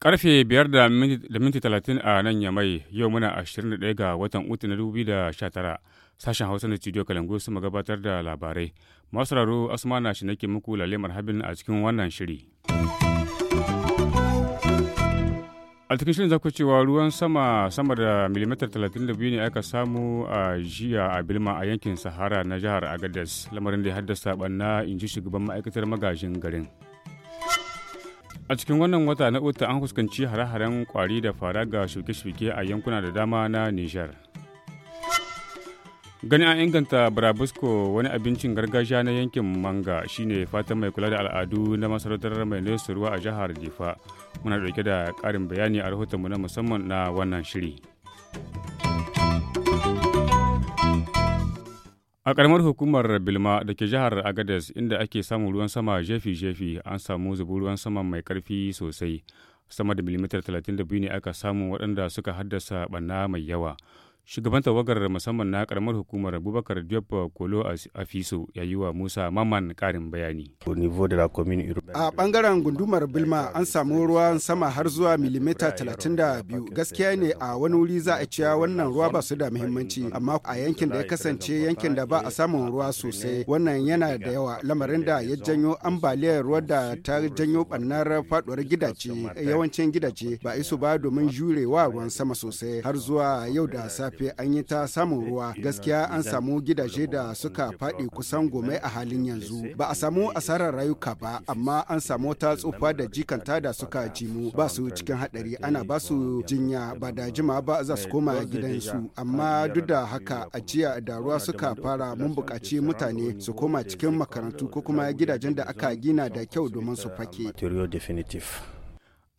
Karfe biyar da minti talatin a nan Yamai yau muna ashirin da ɗaya ga watan Uti na dubu da sha tara. Sashen Hausa na Studio Kalangu su gabatar da labarai. Masu raro na shi nake muku lalemar habin a cikin wannan shiri. a cikin shirin zaku cewa ruwan sama sama da milimetar 32 ne aka samu a jiya a bilma a yankin sahara na jihar agadas lamarin da ya haddasa banna in ji shugaban ma'aikatar magajin garin a cikin wannan wata na uta an fuskanci hare-haren kwari da fara ga shuke-shuke a yankuna da dama na nijar gani an inganta barabusko wani abincin gargajiya na yankin manga shine fatan mai kula da al'adu na masarautar mai ruwa a jihar jifa muna dauke da karin bayani a rahotonmu na musamman na wannan shiri a karamar hukumar bilma da ke jihar agadez inda ake samun ruwan sama jefi-jefi an samu zubu ruwan sama mai karfi sosai sama da milimitar 32 ne aka samu waɗanda suka haddasa ɓanna mai yawa Shugaban tawagar musamman na karamar hukumar Abubakar Diop Kolo a Fiso ya yi wa Musa Maman karin bayani. A bangaren gundumar Bilma an samu ruwan sama har zuwa milimita 32 gaskiya ne a wani wuri za a ciya wannan ruwa ba su da muhimmanci amma a yankin da ya kasance yankin da ba a samun ruwa sosai wannan yana da yawa lamarin da ya janyo ambaliyar ruwa da ta janyo bannar faduwar gidaje yawancin gidaje ba isu ba domin jurewa ruwan sama sosai har zuwa yau da safe gefe an yi ta samun ruwa gaskiya an samu gidaje da suka faɗi kusan gome a halin yanzu ba a samu asarar rayuka ba amma an samu ta tsufa da jikanta da suka jimu ba su cikin haɗari ana ba su jinya ba da jima ba za su koma gidansu amma duk da haka ajiya da ruwa suka fara mun bukaci mutane su koma cikin makarantu ko kuma gidajen da aka gina da kyau domin su fake.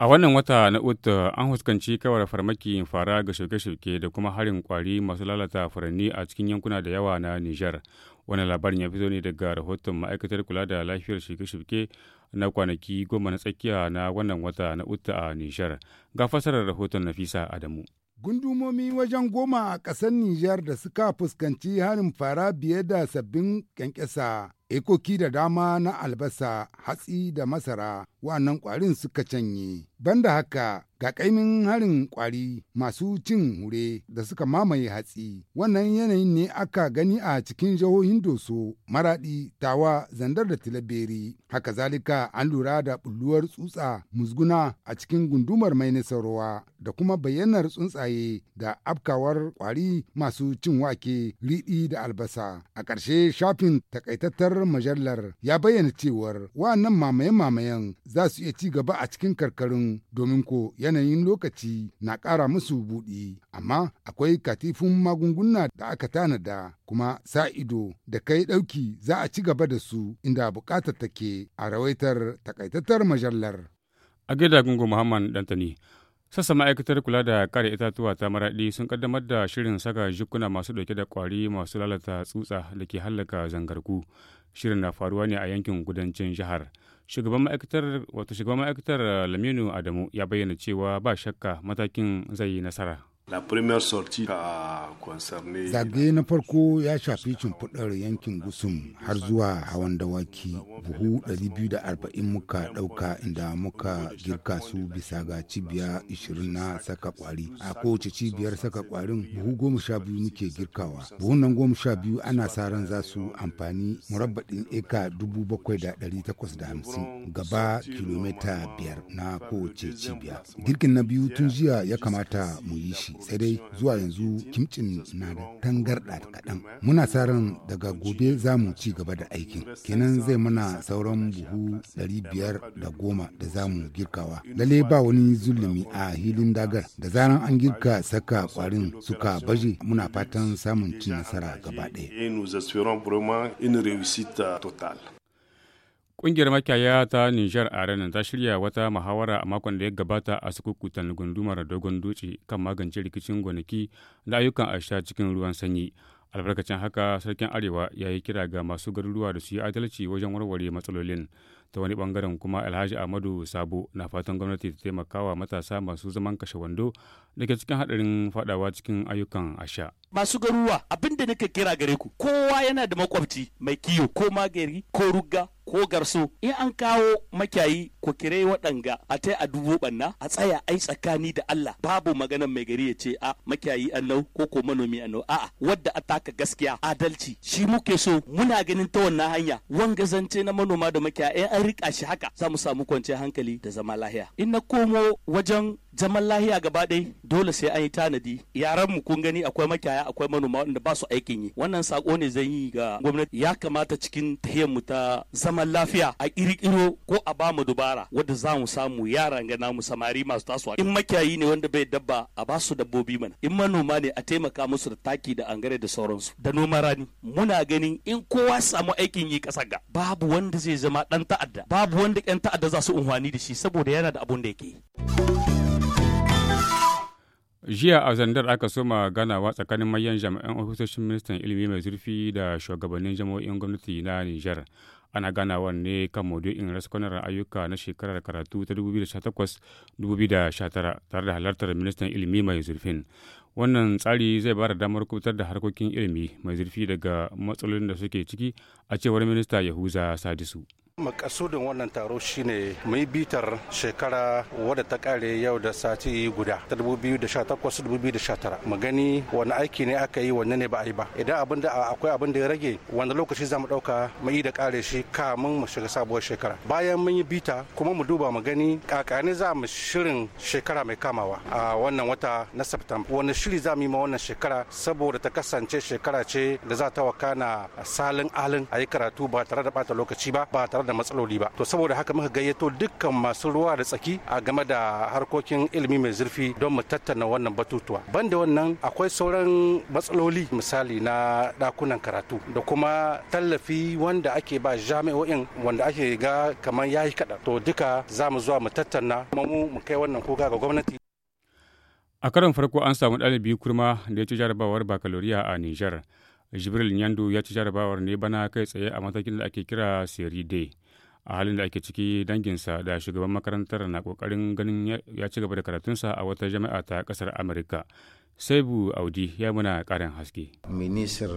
A wannan wata na Ut an huskanci kawar farmakin fara ga shuke-shuke da kuma harin kwari masu lalata furanni a cikin yankuna da yawa na Nijar. Wannan labarin ya fito ne daga rahoton ma'aikatar kula da lafiyar shuke-shuke na kwanaki goma na tsakiya na wannan wata na Ut a Nijar. Ga fasarar rahoton Nafisa Adamu. Gundumomi wajen goma a ƙasar Nijar da suka fuskanci harin fara biye da sabbin kyankyasa Ekoki da dama na albasa, hatsi da masara wannan ƙwarin suka canye. Banda haka ga ƙaimin harin ƙwari masu cin hure da suka mamaye hatsi. Wannan yanayin ne aka gani a cikin jihohin Doso, Maradi, Tawa, Zandar da Tilaberi. Haka zalika an lura da bulluwar tsutsa musguna a cikin gundumar mai nasarwa da kuma bayyanar tsuntsaye da afkawar ƙwari masu cin wake, riɗi da albasa. A ƙarshe shafin takaitattar sabuwar ya bayyana cewar wa'annan mamaye-mamayen za su iya ci gaba a cikin karkarun domin ko yanayin lokaci na ƙara musu buɗi amma akwai katifin magunguna da aka tanada kuma sa ido da kai ɗauki za a ci gaba da su inda buƙatar take a rawaitar takaitattar majallar. A gida gungun Muhammad Dantani, sassa ma'aikatar kula da kare itatuwa ta maraɗi sun kaddamar da shirin saka jikuna masu ɗauke da ƙwari masu lalata tsutsa da ke hallaka zangarku Shirin na faruwa ne a yankin kudancin jihar. Shugaban ma'aikatar lamino shugaban Adamu ya bayyana cewa ba shakka matakin zai yi nasara. zagaye na farko ya shafi cimfudar yankin Gusum har zuwa hawan dawaki buhu 240 muka dauka inda muka girka su bisa ga cibiya 20 na saka kwari. A kowace cibiyar saka kwarin buhu goma muke girkawa. Buhun nan goma ana sa ran za su amfani murabbaɗin eka 7,850 gaba kilomita biyar na kowace cibiya. Girkin na biyu tun jiya ya kamata mu yi shi. sai dai zuwa yanzu kimcin na da tangarɗa kaɗan muna sa ran daga gobe za mu ci gaba da aikin kenan zai mana sauran buhu ɗari biyar da goma da za mu girkawa lalle ba wani zulumi a hilin dagar da zaran an girka saka kwarin suka baje muna fatan samun ci nasara gaba ɗaya Ƙungiyar makiyaya ta Nijar a ranar ta shirya wata muhawara a makon da ya gabata a sukukutan gundumar dogon dutse kan magance rikicin gonaki da ayyukan asha cikin ruwan sanyi. Albarkacin haka sarkin Arewa ya yi kira ga masu garuruwa da su yi adalci wajen warware matsalolin. Ta wani bangaren kuma Alhaji Ahmadu Sabo na fatan gwamnati ta taimakawa matasa masu zaman kashe wando daga cikin haɗarin faɗawa cikin ayyukan asha. masu garuwa abin da nake kira gare ku kowa yana da makwabci mai kiyo ko magari ko rugga ko garso in an kawo makiyayi ko kire waɗanga a tai a dubo banna a tsaya ai tsakani da Allah babu magana mai gari ya ce a makiyayi annau ko ko manomi annau a'a wadda a taka gaskiya adalci shi muke so muna ganin ta wannan hanya wanga zance na manoma da makiyaya in an rika shi haka za mu samu kwanciyar hankali da zama lahiya in na komo wajen zaman lahiya gaba ɗai dole sai an yi tanadi yaran mu kun gani akwai makiyaya akwai manoma wanda ba su aikin yi wannan sako ne zan yi ga gwamnati ya kamata cikin tahiyar mu ta zaman lafiya a kirkiro ko a ba mu dubara wanda za mu samu yaran ga namu samari masu tasowa in makiyayi ne wanda bai dabba a ba su dabbobi mana in manoma ne a taimaka musu da taki da angare da sauransu da noman rani muna ganin in kowa samu aikin yi kasar ga babu wanda zai zama dan ta'adda babu wanda yan ta'adda za su unhwani da shi saboda yana da abun da yake yi jiya a zandar aka soma ganawa tsakanin manyan jami'an ofisoshin ministan ilimi mai zurfi da shugabannin jami'o'in gwamnati na nijar ana ganawa ne kan maudu'in raskunar ayyuka na shekarar karatu ta 2018-2019 tare da halartar ministan ilimi mai zurfin wannan tsari zai bada damar kubutar da harkokin ilimi mai zurfi daga matsalolin da suke ciki a cewar minista yahuza sadisu makasudin wannan taro shine mai bitar shekara wadda ta kare yau da sati guda 2018-2019 mu wani aiki ne aka yi wanne ne ba a yi ba idan abin da akwai abin da ya rage wanda lokaci za mu dauka mu yi da kare shi kamun mu shiga sabuwar shekara bayan mun yi bita kuma mu duba mu gani kakani za mu shirin shekara mai kamawa a wannan wata na september wani shiri za mu yi ma wannan shekara saboda ta kasance shekara ce da za ta wakana salin alin a yi karatu ba tare da bata lokaci ba ba tare da da matsaloli ba to saboda haka muka gayyato dukkan masu ruwa da tsaki a game da harkokin ilimi mai zurfi don mu tattauna wannan batutuwa banda wannan akwai sauran matsaloli misali na dakunan karatu da kuma tallafi wanda ake ba jami'o'in wanda ake ga kamar ya yi to duka za mu zuwa mu tattauna kuma mu mu kai wannan koga ga gwamnati a karon farko an samu ɗalibi kurma da ya ci jarabawar bakaloriya a nijar jibril nyandu ya ci jarabawar ne bana kai tsaye a matakin da ake kira seri d a halin da ake ciki danginsa da shugaban makarantar na kokarin ganin ya ci gaba da karatunsa a wata jami'a ta kasar amurka saibu audi ya muna karin haske minister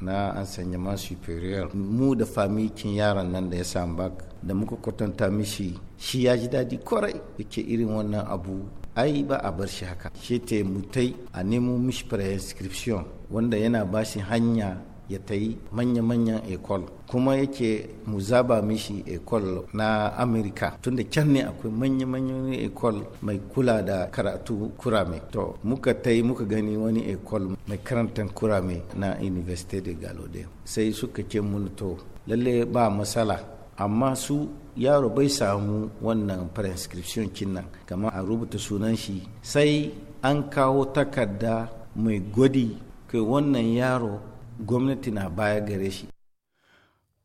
na enseignement superior mu da famikin yaran nan da ya samu bak da muka kwatanta mishi shi ya ji daɗi kwarai yake irin wannan abu ai ba a bar shi haka shi mutai a nemo mishi prescription wanda yana ba shi hanya ya ta yi manya-manyan ecole kuma yake mu zaba mishi ecole na amerika tunda can ne akwai manya-manyan ecole mai kula da karatu kurame to muka ta yi muka gani wani ecole mai karantar kurame na university de galode sai suka ce mun to lalle ba matsala amma su yaro bai samu wannan prescription nan kama a rubuta sunan shi sai an kawo takarda mai gwadi kai wannan yaro gwamnati na baya gare shi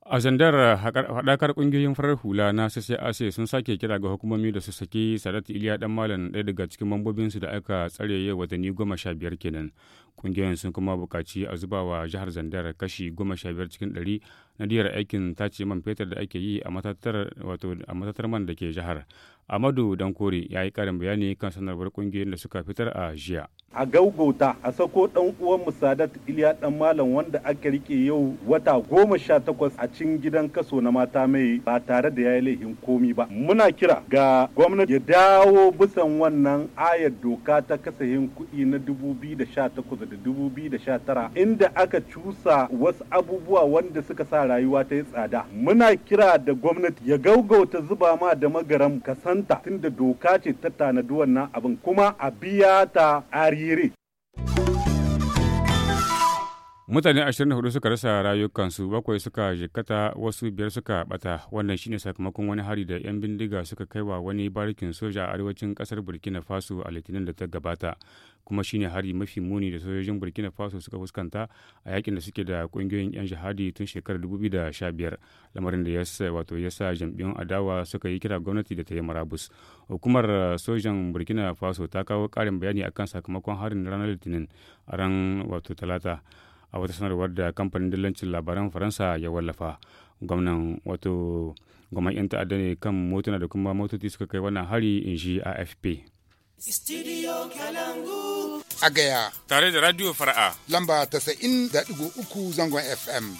a zandar haɗakar ƙungiyoyin farar hula na ccac sun sake kira ga hukumomi da su saki sadat iliya dan malam ɗaya daga cikin mambobinsu da aka tsare yau watanni goma sha biyar kenan kungiyoyin sun kuma bukaci a zuba wa jihar Zandar kashi goma sha biyar cikin ɗari na diyar aikin tace man fetur da ake yi a matatar man da ke jihar. Amadu dankori ya yi karin bayani kan sanarwar kungiyoyin da suka fitar a jiya. A gaugauta a sako dan uwan Musadat Iliya dan Malam wanda aka rike yau wata goma sha takwas a cin gidan kaso na mata mai ba tare da yayi yi laifin komi ba. Muna kira ga gwamnati ya dawo bisan wannan ayar doka ta kasahin kuɗi na dubu biyu da sha takwas da 2019 inda aka cusa wasu abubuwa wanda suka sa rayuwa ta yi tsada muna kira da gwamnati ya gaugauta zuba ma da magaram kasanta tunda doka ce ta tanadi wannan abin kuma a biya ta arire mutane 24 suka rasa rayukansu bakwai suka jikkata wasu biyar suka bata wannan shine sakamakon wani hari da 'yan bindiga suka kai wa wani barikin soja a arewacin kasar burkina faso a litinin da ta gabata kuma shine hari mafi muni da sojojin burkina faso suka fuskanta a yakin da suke da kungiyoyin 'yan jihadi tun shekarar 2015 lamarin da ya wato ya sa jam'iyyun adawa suka yi kira gwamnati da ta yi marabus hukumar sojan burkina faso ta kawo karin bayani akan sakamakon harin ranar litinin a ran wato talata a wata sanarwar da kamfanin dillancin labaran faransa ya wallafa gwamnan wato goma 'yan ta'adda ne kan motuna da kuma motoci suka kai wannan hari in shi afp studio a gaya. Tare da Radio Fara'a. Lamba uku zangon FM.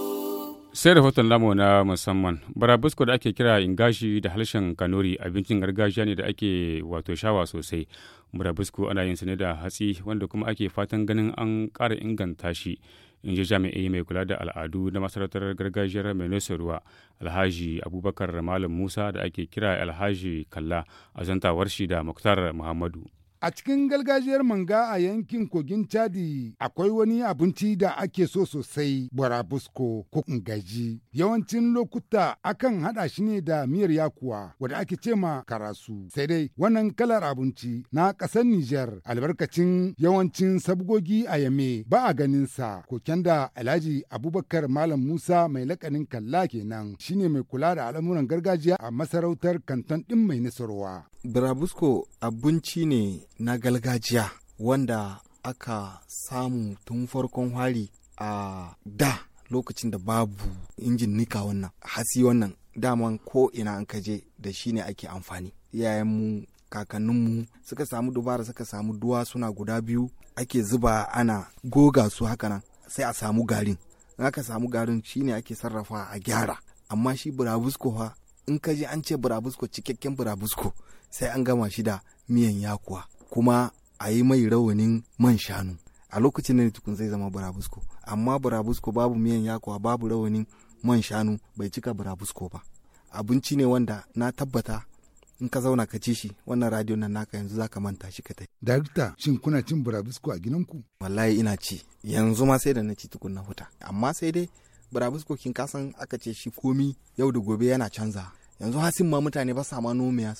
sai rahoton lamu na musamman barabusko da ake kira ingashi da harshen kanori abincin gargajiya ne da ake wato shawa sosai barabusko ana yin ne da hatsi wanda kuma ake fatan ganin an kara inganta shi in ji jami'ai mai kula da al'adu na masarautar gargajiyar mai ruwa alhaji abubakar malam musa da ake kira alhaji kalla a zantawar shi da muktar muhammadu A cikin galgajiyar manga a yankin kogin Chadi akwai wani abinci da ake so sosai burabusko ko ngaji. Yawancin lokuta akan haɗa shi ne da miyar yakuwa wadda ake ce ma karasu. Sai dai wannan kalar abinci na ƙasar Nijar albarkacin yawancin sabgogi a yame ba a ganin sa koken da Alhaji Abubakar Malam Musa mai lakanin kalla kenan shine mai kula da al'amuran gargajiya a masarautar kanton ɗin mai nasarwa. birabusko abinci ne na galgajiya. wanda aka samu tun farkon hari a da lokacin da babu injin nika wannan hasi wannan daman ko ina an kaje da shi ne ake amfani yayanmu kakanninmu suka samu dubara suka samu duwa suna guda biyu ake zuba ana goga su hakanan sai a samu garin in aka samu garin shi shine ake sarrafa a gyara amma shi burabusko fa in ka je an ce burabusko cikakken burabusko sai an gama shi da miyan yakuwa kuma a yi mai rawanin man shanu a lokacin ne tukun zai zama burabusko amma burabusko babu miyan yakuwa babu rawanin man shanu bai cika burabusko ba abinci ne wanda na tabbata in ka zauna ka ci shi wannan radio nan naka yanzu zaka manta shi ka tafi. Darita shin kuna cin burabusko a gidan ku. Wallahi ina ci yanzu ma sai da na ci tukun na huta amma sai dai Burabusko ka kasan aka ce shi komi yau da gobe yana canza yanzu hasin ma mutane ba sa ma nomiya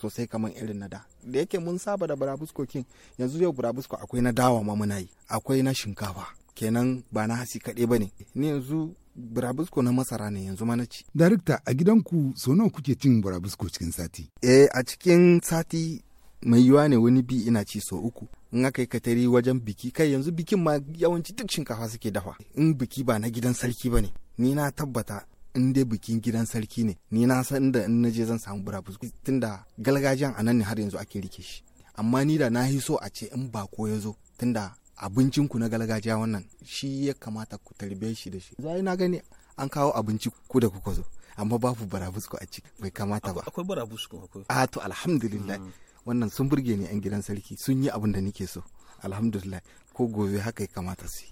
sosai kamar irin na da da yake mun saba da burabusko kin. yanzu yau burabusko akwai na dawa ma muna yi akwai na shinkafa kenan ba na hasi kaɗai ba ne ni yanzu burabusko na masara ne yanzu mana ci. Darikta a gidanku sau nawa kuke cin burabusko cikin sati? Eh a cikin sati mai yiwa ne wani bi ina ci so uku in aka yi katari wajen biki kai yanzu bikin ma yawanci duk shinkafa suke dafa in biki ba na gidan sarki ba ne ni na tabbata in dai bikin gidan sarki ne ni na san da in naje zan samu burabus tunda galgajiyan a nan ne har yanzu ake rike shi amma ni da na yi so a ce in ba ko ya zo tunda abincin ku na galgajiya wannan shi ya kamata ku tarbe shi da shi zai na gani an kawo abinci ku da kuka zo amma babu barabusku a ciki bai kamata ba akwai barabusku. akwai a to alhamdulillah mm. wannan sun burge ni yan gidan sarki sun yi abin da nake so alhamdulillah ko gobe haka ya kamata su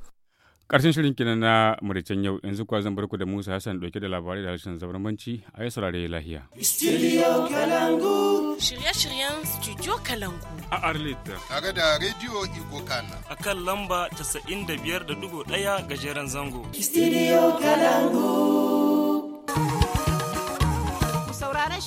karshen shirin kenan na muritan yau yanzu kuwa zan bar ku da Musa Hassan dauke da labarai da harshen zabarmanci a yi saurare lahiya. Studio Kalangu. Shirye-shiryen Studio Kalangu. A Arlita. Tare da Radio Igokana. A kan lamba 95.1 gajeren zango. Studio Kalangu.